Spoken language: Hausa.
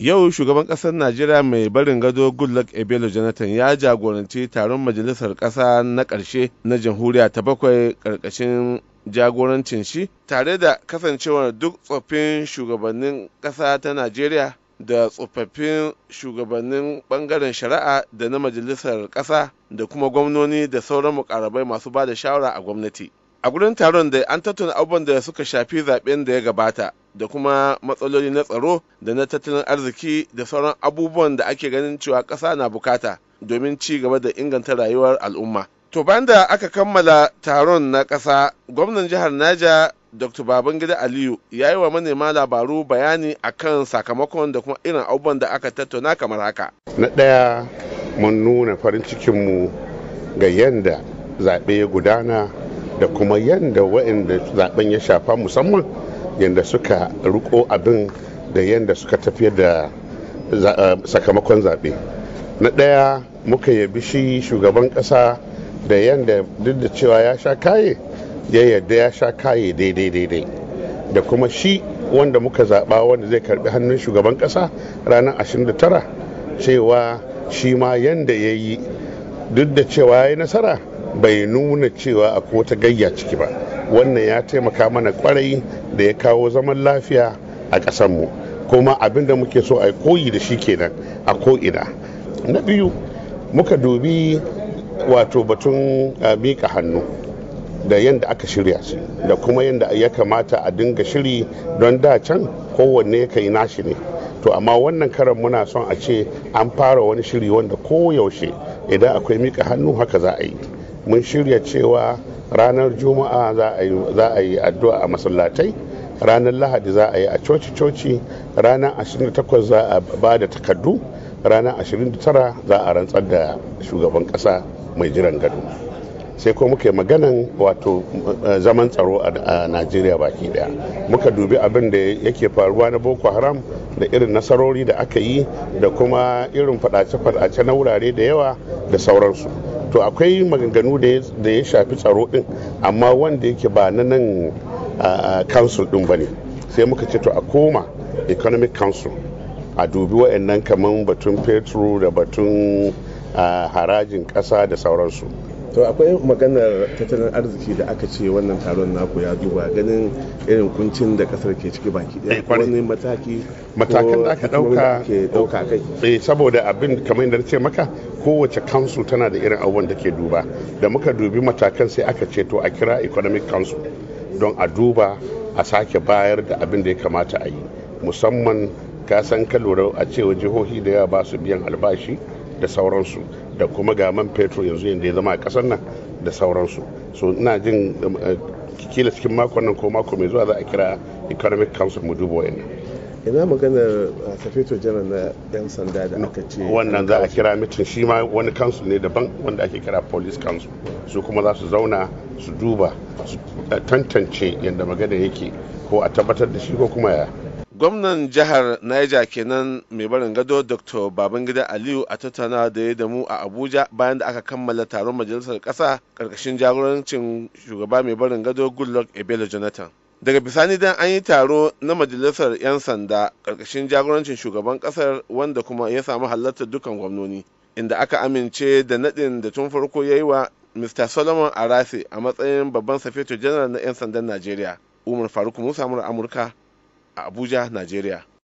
yau shugaban kasar najeriya mai barin gado goodluck ebelo jonathan ya jagoranci taron majalisar kasa na ƙarshe na jamhuriya ta bakwai ƙarƙashin jagorancin shi tare da kasancewar duk tsoffin shugabannin kasa ta najeriya da tsofaffin shugabannin bangaren shari'a da na majalisar kasa da kuma gwamnoni da sauran mukarabai masu ba da shawara a gwamnati a gurin taron da an tattauna abubuwan da suka shafi zaben da ya gabata da kuma matsaloli na tsaro da na tattalin arziki da sauran abubuwan da ake ganin cewa ƙasa na bukata domin ci gaba da inganta rayuwar al'umma to bayan da aka kammala taron na ƙasa gwamnan jihar naja dr babangida aliyu ya yi wa manema labaru bayani a kan sakamakon da kuma irin abubuwan da aka tattauna kamar haka na ɗaya mun nuna farin cikinmu ga yadda zaɓe ya gudana da kuma yadda waɗanda zaben ya shafa musamman yadda suka riko abin da yadda suka tafiyar da eh, sakamakon zaɓe na ɗaya muka yabi shi shugaban ƙasa da yadda duk da cewa ya sha kaye ya yadda ya sha kaye daidai daidai da kuma shi wanda muka zaɓa wanda zai karbi hannun shugaban ƙasa ranar 29 cewa shi ma yadda ya yi duk da cewa ya yi nasara bai nuna cewa akwai wata gayya ciki ba wannan ya taimaka mana kwarai da ya kawo zaman lafiya a ƙasanmu kuma abin da muke so a koyi da shi kenan a ko'ina na biyu muka dubi wato batun miƙa hannu da yadda aka shirya su da kuma yadda ya kamata a dinga shiri don da can kowanne ya yi nashi ne to amma wannan karan muna son a ce an fara wani shiri wanda koyaushe idan akwai miƙa hannu haka za a yi mun shirya cewa ranar juma'a za a yi addu'a a masallatai ranar lahadi za a yi a coci-coci ranar 28 za a ba da takardu ranar 29 za a rantsar da shugaban kasa mai jiran gado sai ko muke maganan wato eh, zaman tsaro a najeriya baki daya muka dubi abin da yake faruwa na boko haram da irin nasarori da aka yi da kuma irin fadace-fadace na wurare da yawa da sauransu to akwai maganganu da ya shafi tsaro din amma wanda yake ba na nan council din bane sai muka ce to a koma economic council a dubi wa'annan kamar batun petro da batun harajin ƙasa da sauransu to akwai maganar tattalin arziki da aka ce wannan taron naku ya duba ganin irin kuncin da kasar ke ciki baki ɗaya eh, wani mataki matakan da aka dauka ke dauka kai eh saboda abin kamar yadda ce maka kowace council tana da irin abubuwan da ke duba da muka dubi matakan sai aka ce to a kira economic council don a duba a sake bayar da abin da ya kamata a yi musamman ka san ka lura a cewa jihohi da yawa ba su biyan albashi da sauransu da kuma ga man fetur yanzu yadda ya zama a kasar nan da sauransu so ina jin eh, kila cikin makon nan ko mako mai zuwa za a kira economic council mu duba wayannan ina maganar ah, safeto janar na yan sanda da aka ce wannan za a kira mitin shi ma wani kansu ne daban wanda ake kira police council su kuma za su zauna su duba su eh, tantance yadda magana yake ko a tabbatar da shi ko kuma ya gwamnan jihar niger kenan mai barin gado dr babangida aliyu a tattauna da ya damu a abuja bayan da aka kammala taron majalisar kasa karkashin jagorancin shugaba mai barin gado goodluck ebelo jonathan daga bisani dan an yi taro na majalisar 'yan sanda karkashin jagorancin shugaban kasar wanda kuma ya samu halartar dukkan gwamnoni inda aka amince da nadin da tun farko ya yi wa mr solomon arase a matsayin babban safeto janar na 'yan sandan najeriya umar faruk musa amurka abuja nigeria.